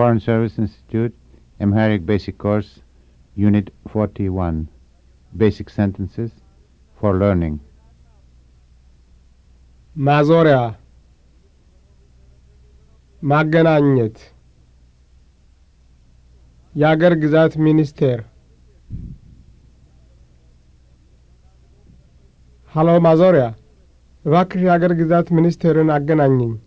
Foreign Service Institute, Amharic Basic Course, Unit 41, Basic Sentences for Learning. Mazoria Maganagnet Yager Gzat Minister Hello Mazoria Vakri Yager Gzat Minister in Aganagnet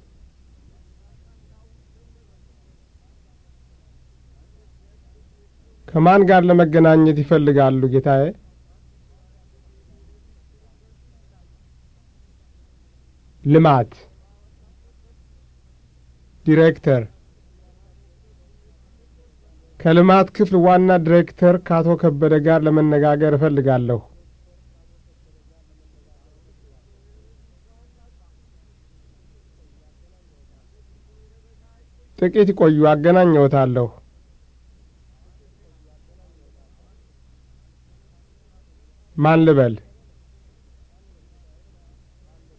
ከማን ጋር ለመገናኘት ይፈልጋሉ ጌታዬ? ልማት ዲሬክተር ከልማት ክፍል ዋና ዲሬክተር ከአቶ ከበደ ጋር ለመነጋገር እፈልጋለሁ። ጥቂት ይቆዩ፣ አገናኘዎታለሁ። ማን ልበል?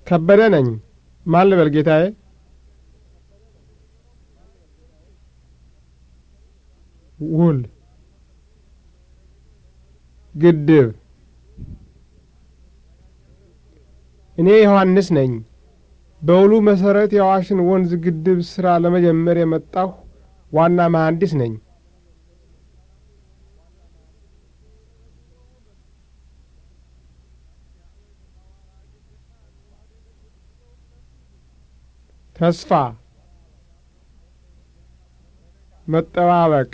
ከበደ ነኝ። ማን ልበል ጌታዬ? ውል ግድብ እኔ ዮሐንስ ነኝ። በውሉ መሠረት የአዋሽን ወንዝ ግድብ ሥራ ለመጀመር የመጣሁ ዋና መሐንዲስ ነኝ። ተስፋ መጠባበቅ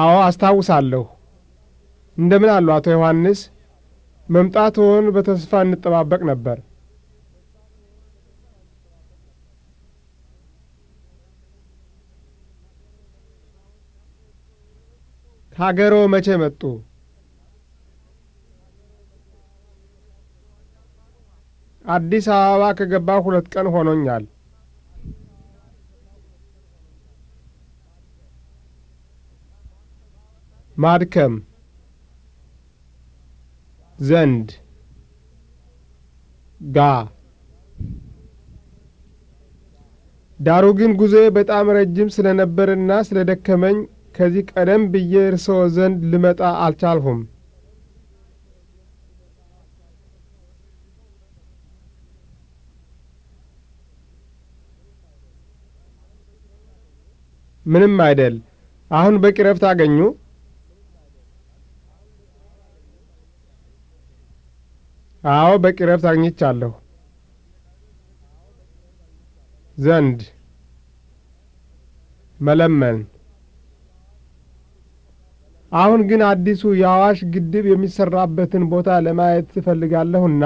አዎ አስታውሳለሁ። እንደምን አሉ አቶ ዮሐንስ? መምጣትዎን በተስፋ እንጠባበቅ ነበር። ከአገሮ መቼ መጡ? አዲስ አበባ ከገባ ሁለት ቀን ሆኖኛል። ማድከም ዘንድ ጋ ዳሩ ግን ጉዞዬ በጣም ረጅም ስለ ስለደከመኝ ከዚህ ቀደም ብዬ እርስዎ ዘንድ ልመጣ አልቻልሁም። ምንም አይደል። አሁን በቂ ረፍት አገኙ? አዎ በቂ ረፍት አግኝቻለሁ። ዘንድ መለመን። አሁን ግን አዲሱ የአዋሽ ግድብ የሚሠራበትን ቦታ ለማየት እፈልጋለሁና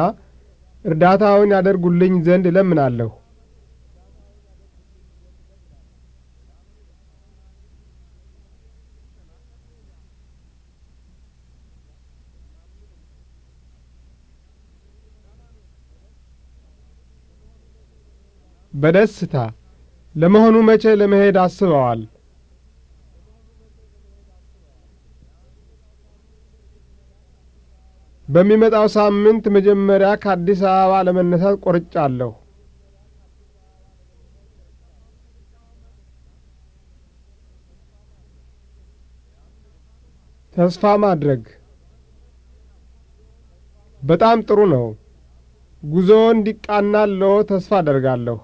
እርዳታውን ያደርጉልኝ ዘንድ እለምናለሁ። በደስታ ለመሆኑ መቼ ለመሄድ አስበዋል? በሚመጣው ሳምንት መጀመሪያ ከአዲስ አበባ ለመነሳት ቆርጫለሁ። ተስፋ ማድረግ በጣም ጥሩ ነው። ጉዞ እንዲቃናለዎ ተስፋ አደርጋለሁ።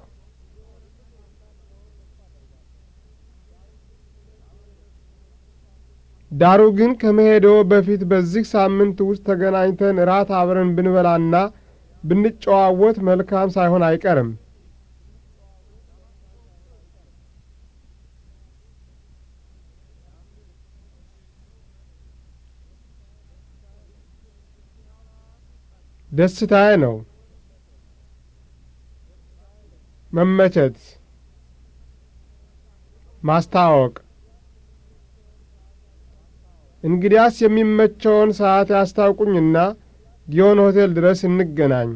ዳሩ ግን ከመሄደው በፊት በዚህ ሳምንት ውስጥ ተገናኝተን እራት አብረን ብንበላና ብንጨዋወት መልካም ሳይሆን አይቀርም። ደስታዬ ነው። መመቸት ማስታወቅ እንግዲያስ የሚመቸውን ሰዓት ያስታውቁኝና ጊዮን ሆቴል ድረስ እንገናኝ።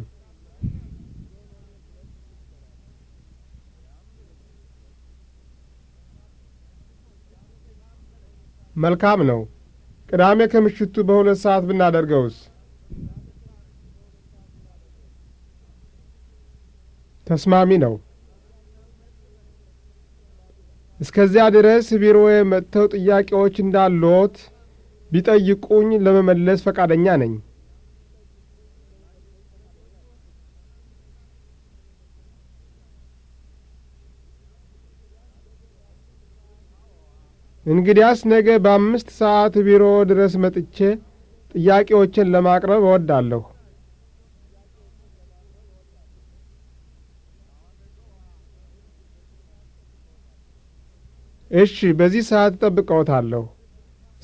መልካም ነው። ቅዳሜ ከምሽቱ በሁለት ሰዓት ብናደርገውስ? ተስማሚ ነው። እስከዚያ ድረስ ቢሮዬ መጥተው ጥያቄዎች እንዳሉት ቢጠይቁኝ ለመመለስ ፈቃደኛ ነኝ። እንግዲያስ ነገ በአምስት ሰዓት ቢሮ ድረስ መጥቼ ጥያቄዎችን ለማቅረብ እወዳለሁ። እሺ፣ በዚህ ሰዓት እጠብቀውታለሁ።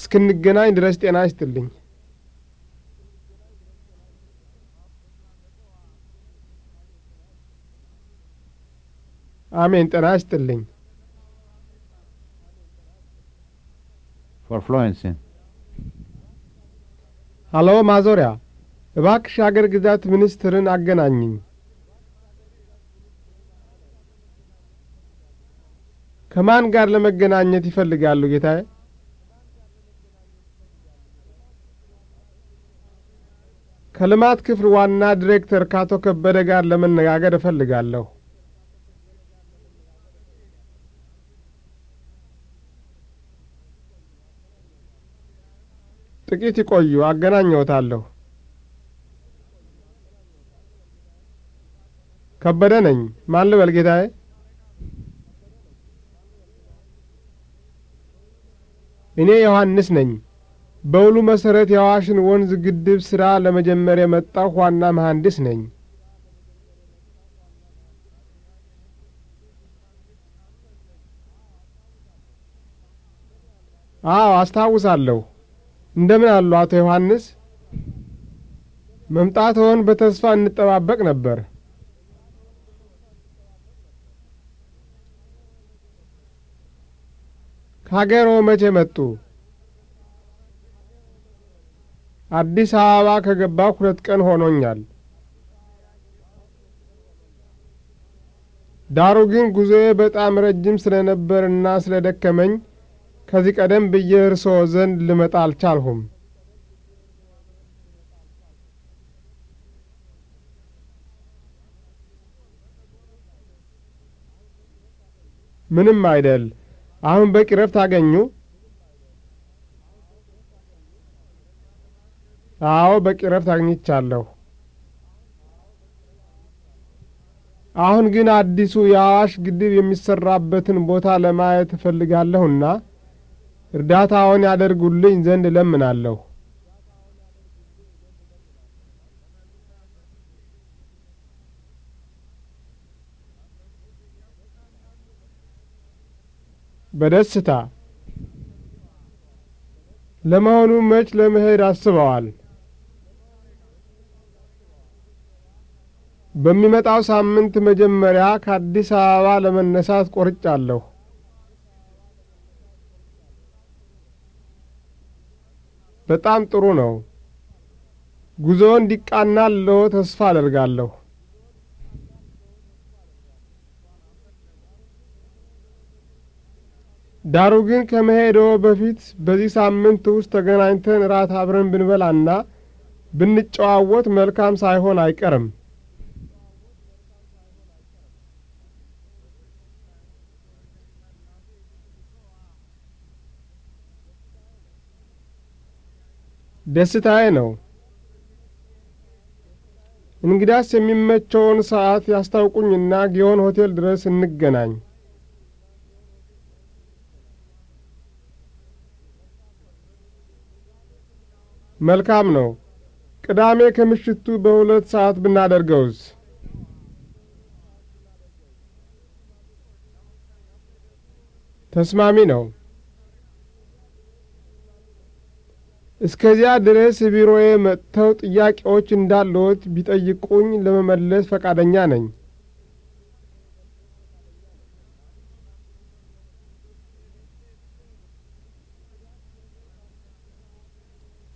እስክንገናኝ ድረስ ጤና ይስጥልኝ። አሜን። ጤና ይስጥልኝ። ሀሎ፣ ማዞሪያ እባክሽ አገር ግዛት ሚኒስትርን አገናኝኝ። ከማን ጋር ለመገናኘት ይፈልጋሉ ጌታዬ? ከልማት ክፍል ዋና ዲሬክተር ከአቶ ከበደ ጋር ለመነጋገር እፈልጋለሁ። ጥቂት ይቆዩ፣ አገናኘዎታለሁ። ከበደ ነኝ። ማን ልበል ጌታዬ? እኔ ዮሐንስ ነኝ። በውሉ መሠረት የአዋሽን ወንዝ ግድብ ሥራ ለመጀመር የመጣሁ ዋና መሐንዲስ ነኝ። አዎ አስታውሳለሁ። እንደምን አሉ አቶ ዮሐንስ? መምጣትዎን በተስፋ እንጠባበቅ ነበር። ከአገርዎ መቼ መጡ? አዲስ አበባ ከገባ ሁለት ቀን ሆኖኛል። ዳሩ ግን ጉዞዬ በጣም ረጅም ስለነበርና ስለደከመኝ ከዚህ ቀደም ብዬ እርስዎ ዘንድ ልመጣ አልቻልሁም። ምንም አይደል። አሁን በቂ ረፍት አገኙ? አዎ በቂ ረፍት አግኝቻለሁ። አሁን ግን አዲሱ የአዋሽ ግድብ የሚሰራበትን ቦታ ለማየት እፈልጋለሁና እርዳታውን ያደርጉልኝ ዘንድ እለምናለሁ። በደስታ ለመሆኑ መች ለመሄድ አስበዋል? በሚመጣው ሳምንት መጀመሪያ ከአዲስ አበባ ለመነሳት ቆርጫለሁ። በጣም ጥሩ ነው። ጉዞ እንዲቃናለሁ ተስፋ አደርጋለሁ። ዳሩ ግን ከመሄዶ በፊት በዚህ ሳምንት ውስጥ ተገናኝተን እራት አብረን ብንበላና ብንጨዋወት መልካም ሳይሆን አይቀርም። ደስታዬ ነው። እንግዳስ የሚመቸውን ሰዓት ያስታውቁኝና ጊዮን ሆቴል ድረስ እንገናኝ። መልካም ነው። ቅዳሜ ከምሽቱ በሁለት ሰዓት ብናደርገውስ? ተስማሚ ነው። እስከዚያ ድረስ ቢሮዬ መጥተው ጥያቄዎች እንዳሉት ቢጠይቁኝ ለመመለስ ፈቃደኛ ነኝ።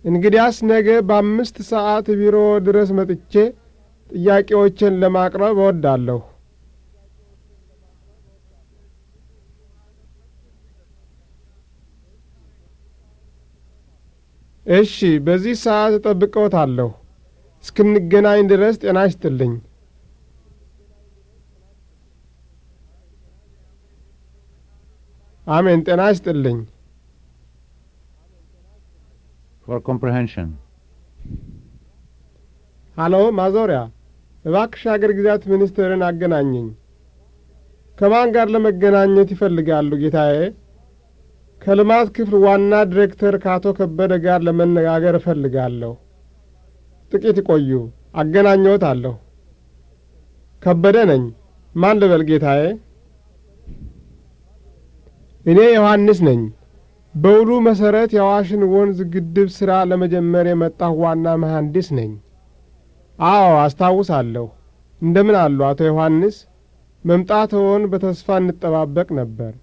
እንግዲያስ ነገ በአምስት ሰዓት ቢሮ ድረስ መጥቼ ጥያቄዎችን ለማቅረብ እወዳለሁ። እሺ፣ በዚህ ሰዓት እጠብቀዎታለሁ። እስክንገናኝ ድረስ ጤና ይስጥልኝ። አሜን። ጤና ይስጥልኝ። ፎር ኮምፕሬንሽን ሀሎ፣ ማዞሪያ እባክሽ አገር ግዛት ሚኒስትርን አገናኘኝ። ከማን ጋር ለመገናኘት ይፈልጋሉ ጌታዬ? ከልማት ክፍል ዋና ዲሬክተር ከአቶ ከበደ ጋር ለመነጋገር እፈልጋለሁ። ጥቂት ይቆዩ፣ አገናኘዎት አለሁ። ከበደ ነኝ። ማን ልበል ጌታዬ? እኔ ዮሐንስ ነኝ። በውሉ መሠረት የአዋሽን ወንዝ ግድብ ሥራ ለመጀመር የመጣሁ ዋና መሐንዲስ ነኝ። አዎ አስታውሳለሁ። እንደምን አሉ አቶ ዮሐንስ? መምጣትዎን በተስፋ እንጠባበቅ ነበር።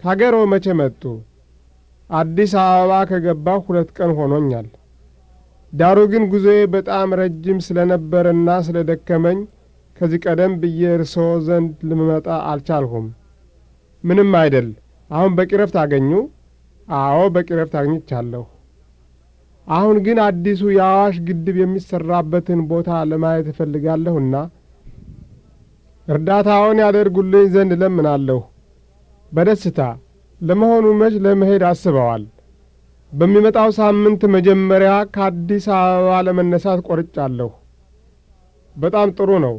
ከአገሮ መቼ መጡ? አዲስ አበባ ከገባሁ ሁለት ቀን ሆኖኛል። ዳሩ ግን ጉዞዬ በጣም ረጅም ስለ ነበርና ስለ ደከመኝ ከዚህ ቀደም ብዬ እርስዎ ዘንድ ልመጣ አልቻልሁም። ምንም አይደል። አሁን በቂ ረፍት አገኙ? አዎ በቂ ረፍት አግኝቻለሁ። አሁን ግን አዲሱ የአዋሽ ግድብ የሚሠራበትን ቦታ ለማየት እፈልጋለሁና እርዳታውን ያደርጉልኝ ዘንድ እለምናለሁ። በደስታ ለመሆኑ መች ለመሄድ አስበዋል? በሚመጣው ሳምንት መጀመሪያ ከአዲስ አበባ ለመነሳት ቆርጫለሁ። በጣም ጥሩ ነው።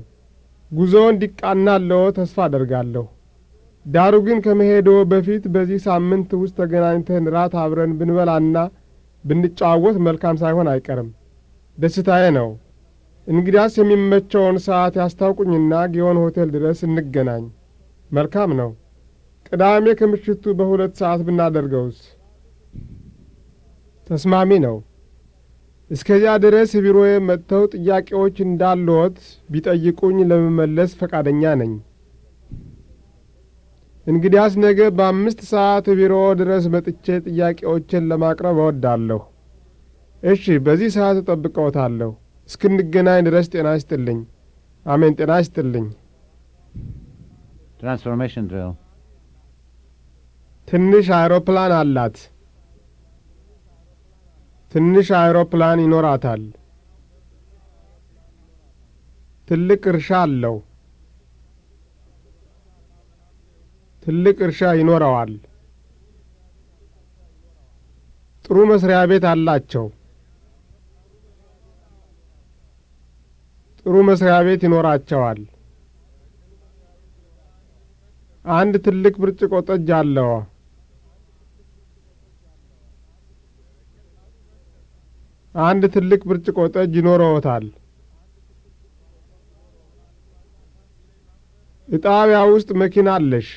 ጉዞ እንዲቃናለዎ ተስፋ አደርጋለሁ። ዳሩ ግን ከመሄድዎ በፊት በዚህ ሳምንት ውስጥ ተገናኝተን ራት አብረን ብንበላና ብንጨዋወት መልካም ሳይሆን አይቀርም። ደስታዬ ነው። እንግዲያስ የሚመቸውን ሰዓት ያስታውቁኝና ጊዮን ሆቴል ድረስ እንገናኝ። መልካም ነው። ቅዳሜ ከምሽቱ በሁለት ሰዓት ብናደርገውስ? ተስማሚ ነው። እስከዚያ ድረስ ቢሮዬ መጥተው ጥያቄዎች እንዳለዎት ቢጠይቁኝ ለመመለስ ፈቃደኛ ነኝ። እንግዲያስ ነገ በአምስት ሰዓት ቢሮ ድረስ መጥቼ ጥያቄዎችን ለማቅረብ እወዳለሁ። እሺ፣ በዚህ ሰዓት እጠብቀዎታለሁ። እስክንገናኝ ድረስ ጤና ይስጥልኝ። አሜን። ጤና ይስጥልኝ። ትራንስፎርሜሽን ድሪል ትንሽ አይሮፕላን አላት። ትንሽ አይሮፕላን ይኖራታል። ትልቅ እርሻ አለው። ትልቅ እርሻ ይኖረዋል። ጥሩ መስሪያ ቤት አላቸው። ጥሩ መስሪያ ቤት ይኖራቸዋል። አንድ ትልቅ ብርጭቆ ጠጅ አለዋ። አንድ ትልቅ ብርጭቆ ጠጅ ይኖረዎታል። እጣቢያ ውስጥ መኪና አለሽ።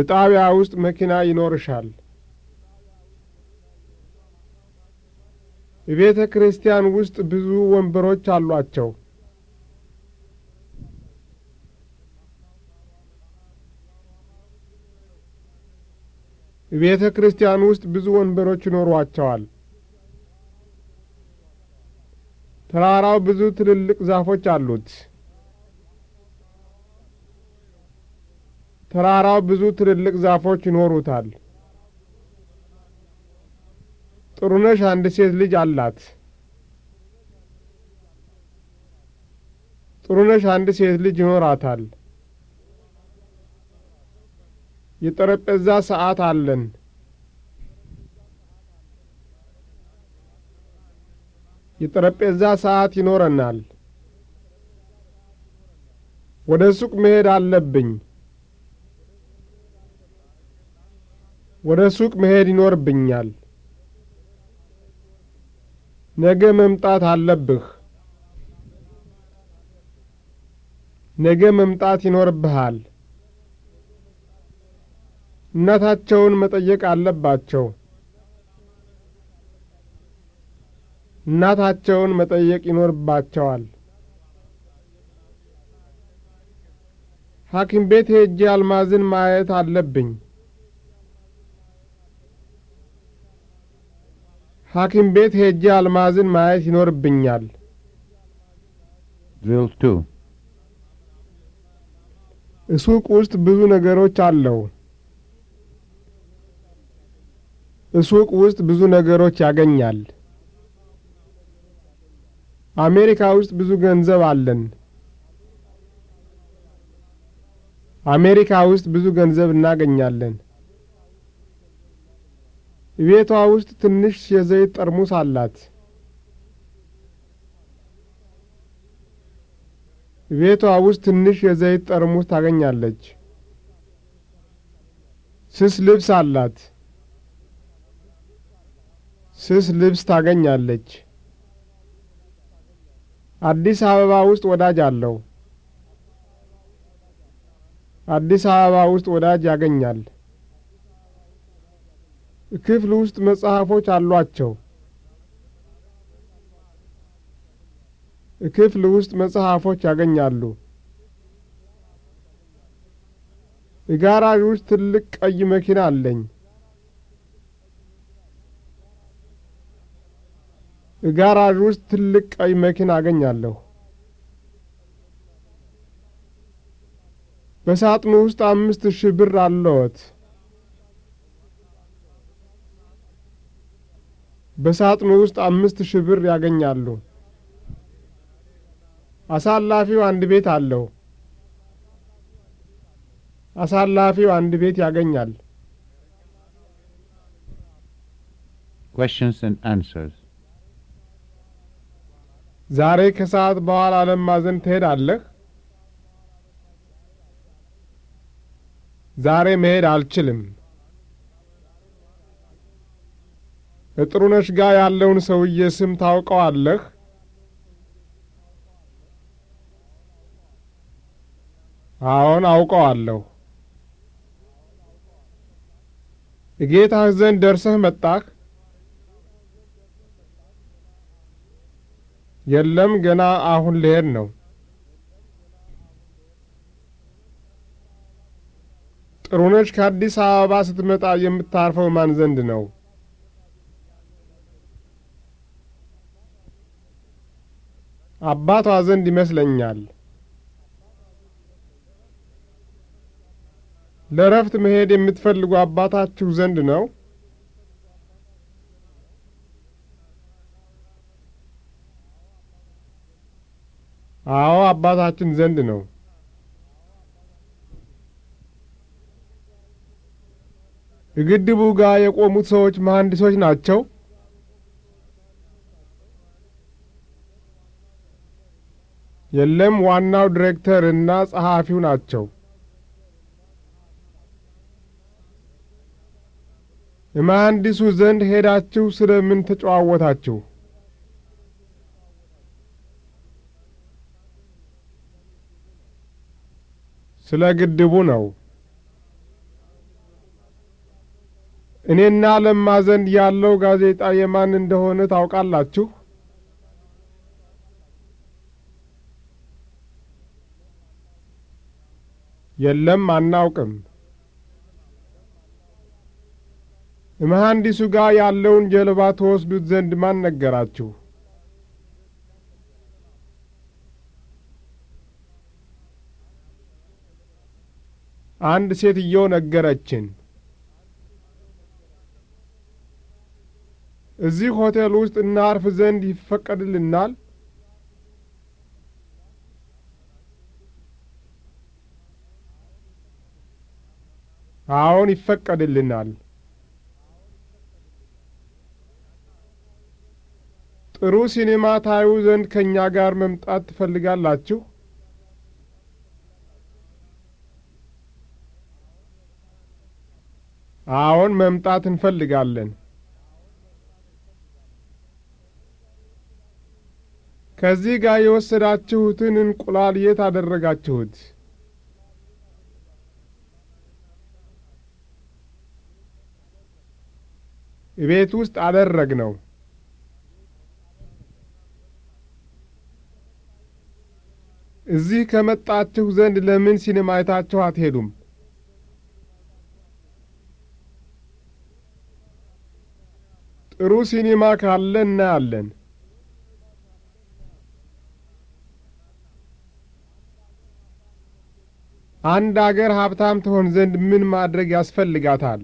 እጣቢያ ውስጥ መኪና ይኖርሻል። ቤተ ክርስቲያን ውስጥ ብዙ ወንበሮች አሏቸው። ቤተ ክርስቲያን ውስጥ ብዙ ወንበሮች ይኖሯቸዋል። ተራራው ብዙ ትልልቅ ዛፎች አሉት። ተራራው ብዙ ትልልቅ ዛፎች ይኖሩታል። ጥሩነሽ አንድ ሴት ልጅ አላት። ጥሩነሽ አንድ ሴት ልጅ ይኖራታል። የጠረጴዛ ሰዓት አለን። የጠረጴዛ ሰዓት ይኖረናል። ወደ ሱቅ መሄድ አለብኝ። ወደ ሱቅ መሄድ ይኖርብኛል። ነገ መምጣት አለብህ። ነገ መምጣት ይኖርብሃል። እናታቸውን መጠየቅ አለባቸው። እናታቸውን መጠየቅ ይኖርባቸዋል። ሐኪም ቤት ሄጄ አልማዝን ማየት አለብኝ። ሐኪም ቤት ሄጄ አልማዝን ማየት ይኖርብኛል። እሱቅ ውስጥ ብዙ ነገሮች አለው። ሱቅ ውስጥ ብዙ ነገሮች ያገኛል። አሜሪካ ውስጥ ብዙ ገንዘብ አለን። አሜሪካ ውስጥ ብዙ ገንዘብ እናገኛለን። ቤቷ ውስጥ ትንሽ የዘይት ጠርሙስ አላት። ቤቷ ውስጥ ትንሽ የዘይት ጠርሙስ ታገኛለች። ስስ ልብስ አላት። ስስ ልብስ ታገኛለች። አዲስ አበባ ውስጥ ወዳጅ አለው። አዲስ አበባ ውስጥ ወዳጅ ያገኛል። ክፍል ውስጥ መጽሐፎች አሏቸው። ክፍል ውስጥ መጽሐፎች ያገኛሉ። ጋራዥ ውስጥ ትልቅ ቀይ መኪና አለኝ። ጋራዥ ውስጥ ትልቅ ቀይ መኪና አገኛለሁ። በሳጥኑ ውስጥ አምስት ሺህ ብር አለዎት። በሳጥኑ ውስጥ አምስት ሺህ ብር ያገኛሉ። አሳላፊው አንድ ቤት አለው። አሳላፊው አንድ ቤት ያገኛል። questions and answers ዛሬ ከሰዓት በኋላ ለማ ዘንድ ትሄዳለህ? ዛሬ መሄድ አልችልም። እጥሩነሽ ጋር ያለውን ሰውዬ ስም ታውቀዋለህ? አዎን አውቀዋለሁ። እጌታህ ዘንድ ደርሰህ መጣህ? የለም ገና አሁን ልሄድ ነው። ጥሩነሽ ከአዲስ አበባ ስትመጣ የምታርፈው ማን ዘንድ ነው? አባቷ ዘንድ ይመስለኛል። ለእረፍት መሄድ የምትፈልጉ አባታችሁ ዘንድ ነው? አዎ አባታችን ዘንድ ነው። እግድቡ ጋር የቆሙት ሰዎች መሐንዲሶች ናቸው? የለም፣ ዋናው ዲሬክተር እና ጸሐፊው ናቸው። የመሐንዲሱ ዘንድ ሄዳችሁ ስለ ምን ተጨዋወታችሁ? ስለ ግድቡ ነው። እኔና ለማ ዘንድ ያለው ጋዜጣ የማን እንደሆነ ታውቃላችሁ? የለም፣ አናውቅም። መሐንዲሱ ጋር ያለውን ጀልባ ተወስዱት ዘንድ ማን ነገራችሁ? አንድ ሴትዮ ነገረችን። እዚህ ሆቴል ውስጥ እናርፍ ዘንድ ይፈቀድልናል? አዎን ይፈቀድልናል። ጥሩ ሲኔማ ታዩ ዘንድ ከእኛ ጋር መምጣት ትፈልጋላችሁ? አዎን መምጣት እንፈልጋለን። ከዚህ ጋር የወሰዳችሁትን እንቁላል የት አደረጋችሁት? ቤት ውስጥ አደረግ ነው? እዚህ ከመጣችሁ ዘንድ ለምን ሲኒማ አይታችሁ አትሄዱም? ጥሩ ሲኒማ ካለ እናያለን። አንድ አገር ሀብታም ትሆን ዘንድ ምን ማድረግ ያስፈልጋታል?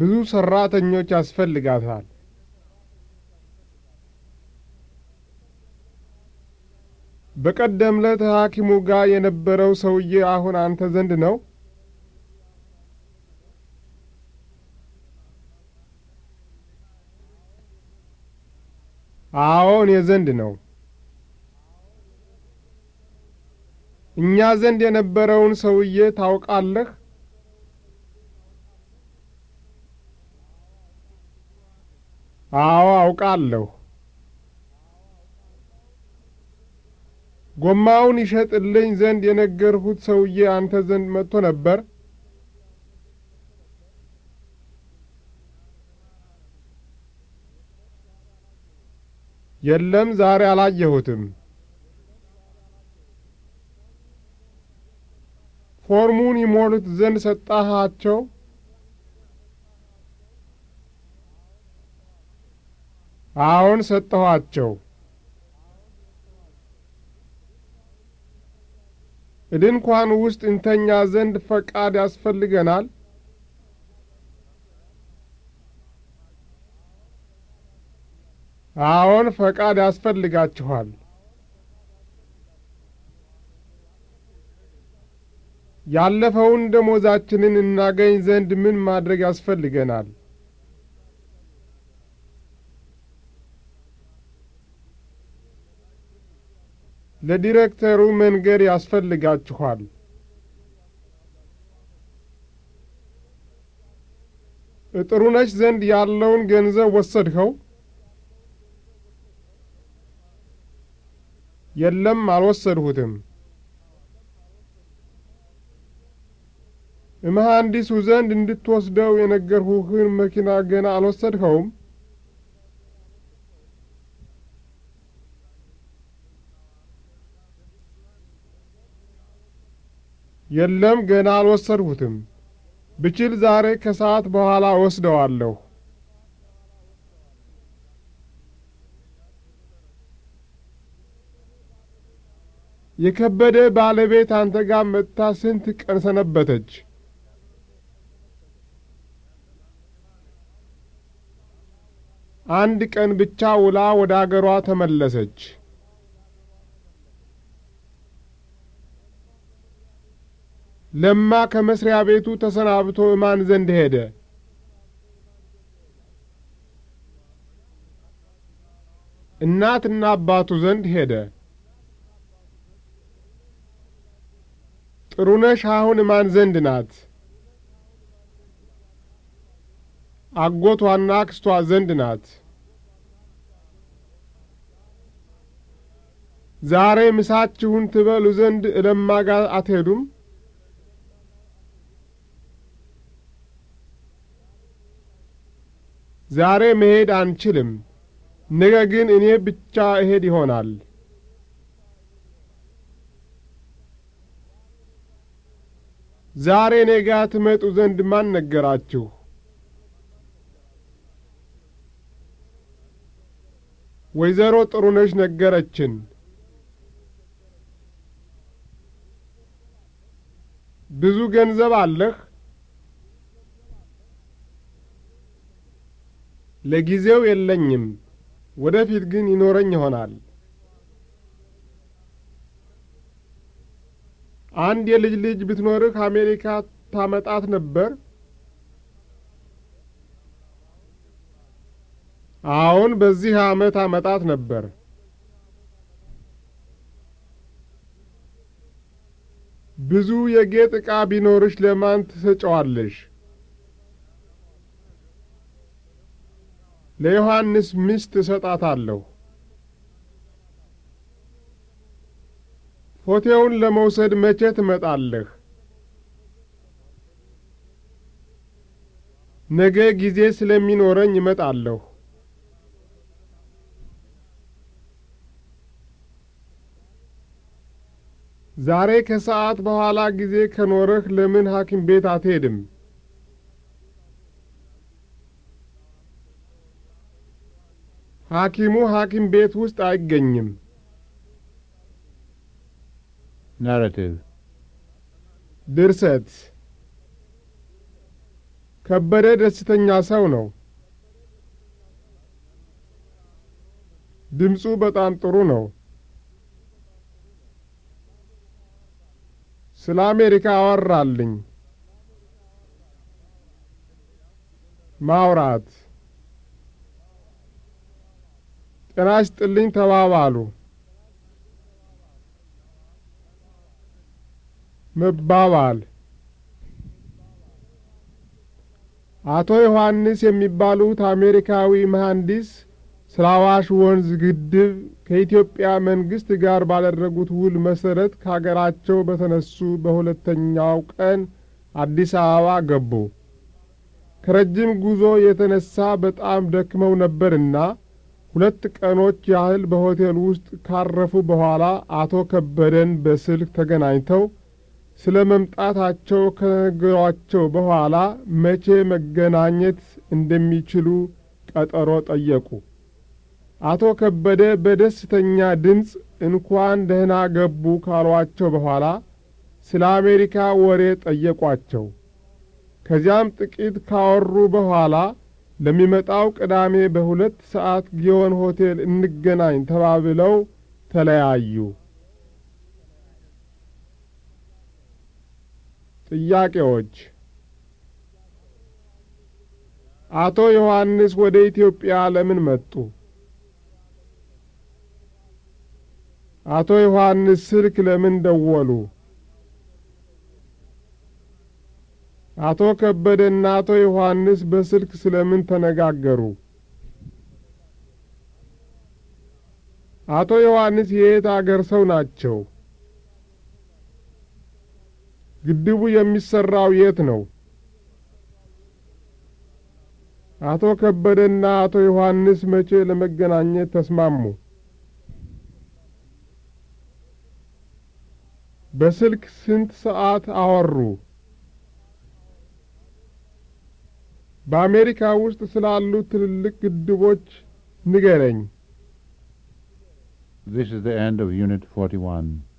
ብዙ ሠራተኞች ያስፈልጋታል። በቀደም ዕለት ሐኪሙ ጋር የነበረው ሰውዬ አሁን አንተ ዘንድ ነው? አዎን፣ የዘንድ ነው። እኛ ዘንድ የነበረውን ሰውዬ ታውቃለህ? አዎ፣ አውቃለሁ። ጎማውን ይሸጥልኝ ዘንድ የነገርሁት ሰውዬ አንተ ዘንድ መጥቶ ነበር? የለም ዛሬ አላየሁትም። ፎርሙን ይሞሉት ዘንድ ሰጣሃቸው? አዎን ሰጠኋቸው። ድንኳን ውስጥ እንተኛ ዘንድ ፈቃድ ያስፈልገናል? አዎን፣ ፈቃድ ያስፈልጋችኋል። ያለፈውን ደሞዛችንን እናገኝ ዘንድ ምን ማድረግ ያስፈልገናል? ለዲሬክተሩ መንገድ ያስፈልጋችኋል። ነች ዘንድ ያለውን ገንዘብ ወሰድኸው? የለም አልወሰድሁትም። እመሐንዲሱ ዘንድ እንድትወስደው የነገርሁህን መኪና ገና አልወሰድኸውም? የለም ገና አልወሰድሁትም። ብችል ዛሬ ከሰዓት በኋላ ወስደዋለሁ። የከበደ ባለቤት አንተ ጋር መጥታ ስንት ቀን ሰነበተች? አንድ ቀን ብቻ ውላ ወደ አገሯ ተመለሰች። ለማ ከመስሪያ ቤቱ ተሰናብቶ እማን ዘንድ ሄደ? እናትና አባቱ ዘንድ ሄደ። ጥሩነሽ አሁን ማን ዘንድ ናት? አጎቷና አክስቷ ዘንድ ናት። ዛሬ ምሳችሁን ትበሉ ዘንድ እለማ ጋር አትሄዱም? ዛሬ መሄድ አንችልም። ነገ ግን እኔ ብቻ እሄድ ይሆናል። ዛሬ እኔ ጋ ትመጡ ዘንድ ማን ነገራችሁ? ወይዘሮ ጥሩነሽ ነገረችን። ብዙ ገንዘብ አለህ? ለጊዜው የለኝም፣ ወደፊት ግን ይኖረኝ ይሆናል። አንድ የልጅ ልጅ ብትኖርህ አሜሪካ ታመጣት ነበር? አሁን በዚህ ዓመት አመጣት ነበር። ብዙ የጌጥ ዕቃ ቢኖርሽ ለማን ትሰጨዋለሽ? ለዮሐንስ ሚስት እሰጣታለሁ። ሆቴውን ለመውሰድ መቼ ትመጣለህ? ነገ ጊዜ ስለሚኖረኝ እመጣለሁ። ዛሬ ከሰዓት በኋላ ጊዜ ከኖረህ ለምን ሐኪም ቤት አትሄድም? ሐኪሙ ሐኪም ቤት ውስጥ አይገኝም። ናራቲቭ ድርሰት ከበደ ደስተኛ ሰው ነው። ድምፁ በጣም ጥሩ ነው። ስለ አሜሪካ አወራልኝ። ማውራት ጤና ይስጥልኝ ተባባሉ። መባባል አቶ ዮሐንስ የሚባሉት አሜሪካዊ መሐንዲስ ስለ አዋሽ ወንዝ ግድብ ከኢትዮጵያ መንግሥት ጋር ባደረጉት ውል መሠረት ከአገራቸው በተነሱ በሁለተኛው ቀን አዲስ አበባ ገቡ። ከረጅም ጉዞ የተነሳ በጣም ደክመው ነበርና ሁለት ቀኖች ያህል በሆቴል ውስጥ ካረፉ በኋላ አቶ ከበደን በስልክ ተገናኝተው ስለ መምጣታቸው ከነገሯቸው በኋላ መቼ መገናኘት እንደሚችሉ ቀጠሮ ጠየቁ። አቶ ከበደ በደስተኛ ድምፅ እንኳን ደህና ገቡ ካሏቸው በኋላ ስለ አሜሪካ ወሬ ጠየቋቸው። ከዚያም ጥቂት ካወሩ በኋላ ለሚመጣው ቅዳሜ በሁለት ሰዓት ጊዮን ሆቴል እንገናኝ ተባብለው ተለያዩ። ጥያቄዎች አቶ ዮሐንስ ወደ ኢትዮጵያ ለምን መጡ? አቶ ዮሐንስ ስልክ ለምን ደወሉ? አቶ ከበደና አቶ ዮሐንስ በስልክ ስለምን ተነጋገሩ? አቶ ዮሐንስ የየት አገር ሰው ናቸው? ግድቡ የሚሠራው የት ነው? አቶ ከበደና አቶ ዮሐንስ መቼ ለመገናኘት ተስማሙ? በስልክ ስንት ሰዓት አወሩ? በአሜሪካ ውስጥ ስላሉ ትልልቅ ግድቦች ንገረኝ። This is the end of Unit 41.